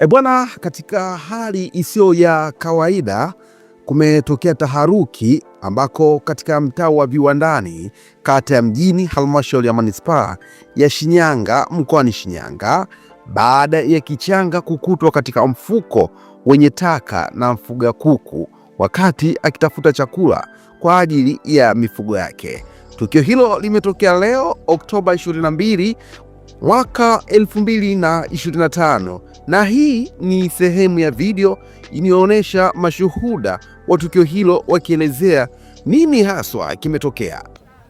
E bwana, katika hali isiyo ya kawaida kumetokea taharuki ambako katika mtaa wa Viwandani kata ya Mjini halmashauri ya manispaa ya Shinyanga mkoani Shinyanga baada ya kichanga kukutwa katika mfuko wenye taka na mfuga kuku wakati akitafuta chakula kwa ajili ya mifugo yake. Tukio hilo limetokea leo Oktoba 22 mwaka 2025 na hii ni sehemu ya video inayoonyesha mashuhuda wa tukio hilo wakielezea nini haswa kimetokea.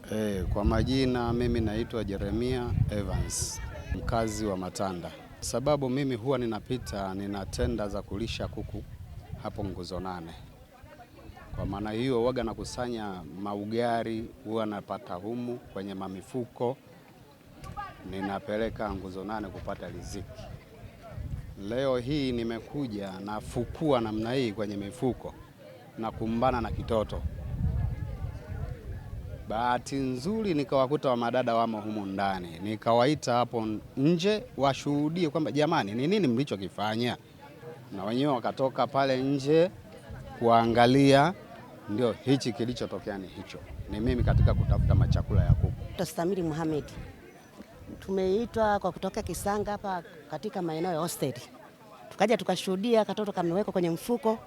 Hey, eh, kwa majina mimi naitwa Jeremia Evans mkazi wa Matanda. Sababu mimi huwa ninapita nina tenda za kulisha kuku hapo nguzo nane. Kwa maana hiyo waga nakusanya maugari huwa napata humu kwenye mamifuko ninapeleka nguzo nane kupata riziki. Leo hii nimekuja nafukua namna hii kwenye mifuko na kumbana na kitoto. Bahati nzuri nikawakuta wamadada wamo humu ndani, nikawaita hapo nje washuhudie kwamba jamani, ni nini mlichokifanya, na wenyewe wakatoka pale nje kuangalia. Ndio hichi kilichotokea, ni hicho ni mimi katika kutafuta machakula ya kuku. Muhamedi tumeitwa kwa kutoka Kisanga hapa katika maeneo ya hostel. tukaja tukashuhudia katoto kamewekwa kwenye mfuko,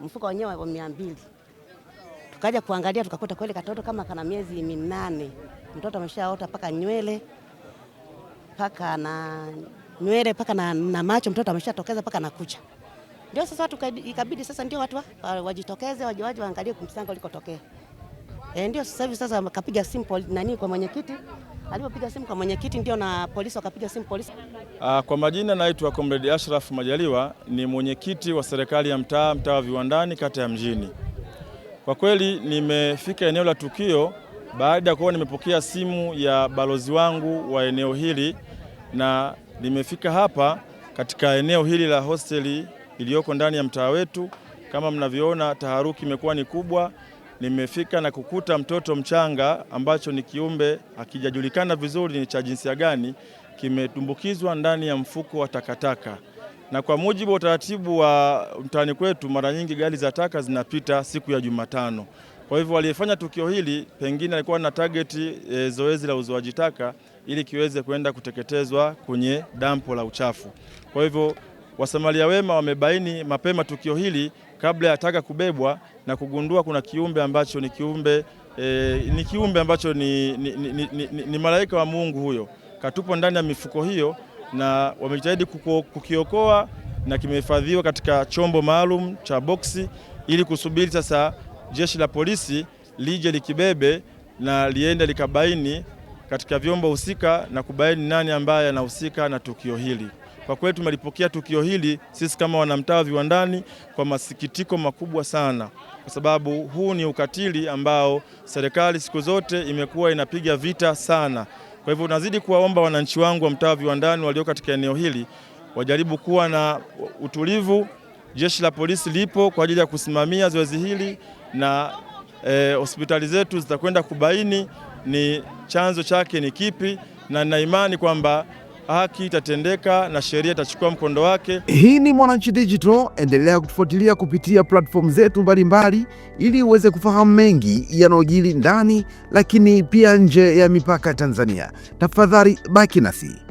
mfuko wenyewe wa mia mbili. Tukaja kuangalia tukakuta kweli katoto kama kana miezi minane, mtoto ameshaota paka nywele paka na nywele paka na, na macho mtoto ameshatokeza paka na kucha. Ndio sasa watu ikabidi sasa ndio watu wa, wajitokeze waje waangalie kumsanga ulikotokea. Eh, ndio sasa hivi sasa kapiga simple nani kwa mwenyekiti alipopiga simu kwa mwenyekiti ndio na polisi wakapiga simu polisi. Ah, kwa majina naitwa Comrade Ashraf Majaliwa, ni mwenyekiti wa serikali ya mtaa mtaa wa Viwandani kata ya Mjini. Kwa kweli nimefika eneo la tukio baada ya kuwa nimepokea simu ya balozi wangu wa eneo hili, na nimefika hapa katika eneo hili la hosteli iliyoko ndani ya mtaa wetu. Kama mnavyoona, taharuki imekuwa ni kubwa nimefika na kukuta mtoto mchanga ambacho ni kiumbe akijajulikana vizuri ni cha jinsia gani, kimetumbukizwa ndani ya mfuko wa takataka, na kwa mujibu wa utaratibu wa mtaani kwetu, mara nyingi gari za taka zinapita siku ya Jumatano. Kwa hivyo waliyefanya tukio hili pengine alikuwa na tageti e, zoezi la uzoaji taka ili kiweze kwenda kuteketezwa kwenye dampo la uchafu. Kwa hivyo Wasamaria wema wamebaini mapema tukio hili kabla ya taka kubebwa na kugundua kuna kiumbe ambacho ni kiumbe e, ni kiumbe ambacho ni, ni, ni, ni, ni malaika wa Mungu huyo katupo ndani ya mifuko hiyo, na wamejitahidi kukiokoa na kimehifadhiwa katika chombo maalum cha boksi ili kusubiri sasa jeshi la polisi lije likibebe na liende likabaini katika vyombo husika na kubaini nani ambaye anahusika na tukio hili. Kwa kweli tumelipokea tukio hili sisi kama wanamtaa viwandani kwa masikitiko makubwa sana, kwa sababu huu ni ukatili ambao serikali siku zote imekuwa inapiga vita sana. Kwa hivyo nazidi kuwaomba wananchi wangu wa mtaa viwandani walio katika eneo hili wajaribu kuwa na utulivu. Jeshi la polisi lipo kwa ajili ya kusimamia zoezi hili na eh, hospitali zetu zitakwenda kubaini ni chanzo chake ni kipi, na nina imani kwamba haki itatendeka na sheria itachukua mkondo wake. Hii ni Mwananchi Digital, endelea kutufuatilia kupitia platform zetu mbalimbali ili uweze kufahamu mengi yanayojiri ndani, lakini pia nje ya mipaka ya Tanzania. Tafadhali baki nasi.